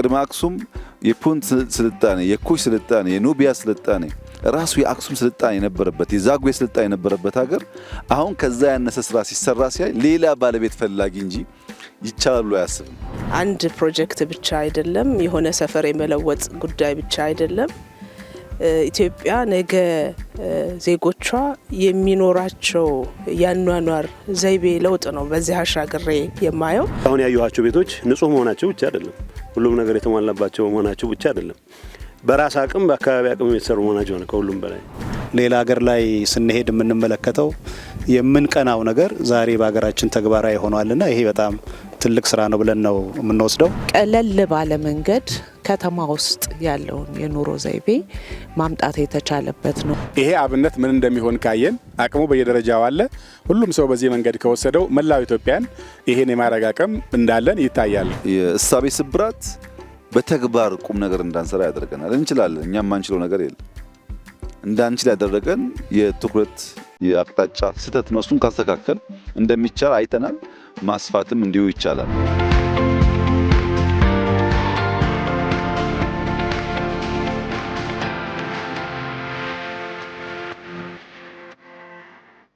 ቅድመ አክሱም የፑንት ስልጣኔ፣ የኩሽ ስልጣኔ፣ የኑቢያ ስልጣኔ ራሱ የአክሱም ስልጣኔ የነበረበት የዛጉዌ ስልጣኔ የነበረበት ሀገር አሁን ከዛ ያነሰ ስራ ሲሰራ ሲያይ ሌላ ባለቤት ፈላጊ እንጂ ይቻላሉ አያስብም። አንድ ፕሮጀክት ብቻ አይደለም፣ የሆነ ሰፈር የመለወጥ ጉዳይ ብቻ አይደለም። ኢትዮጵያ ነገ ዜጎቿ የሚኖራቸው ያኗኗር ዘይቤ ለውጥ ነው። በዚህ አሻግሬ የማየው አሁን ያየኋቸው ቤቶች ንጹህ መሆናቸው ብቻ አይደለም ሁሉም ነገር የተሟላባቸው በመሆናቸው ብቻ አይደለም፣ በራስ አቅም በአካባቢ አቅም የተሰሩ መሆናቸው ነው። ከሁሉም በላይ ሌላ ሀገር ላይ ስንሄድ የምንመለከተው የምንቀናው ነገር ዛሬ በሀገራችን ተግባራዊ ሆኗልና ይሄ በጣም ትልቅ ስራ ነው ብለን ነው የምንወስደው። ቀለል ባለ መንገድ ከተማ ውስጥ ያለውን የኑሮ ዘይቤ ማምጣት የተቻለበት ነው። ይሄ አብነት ምን እንደሚሆን ካየን አቅሙ በየደረጃው አለ። ሁሉም ሰው በዚህ መንገድ ከወሰደው መላው ኢትዮጵያን ይሄን የማድረግ አቅም እንዳለን ይታያል። የእሳቤ ስብራት በተግባር ቁም ነገር እንዳንሰራ ያደርገናል። እንችላለን፣ እኛ የማንችለው ነገር የለም። እንዳንችል ያደረገን የትኩረት የአቅጣጫ ስህተት ነው። እሱን ካስተካከል እንደሚቻል አይተናል። ማስፋትም እንዲሁ ይቻላል።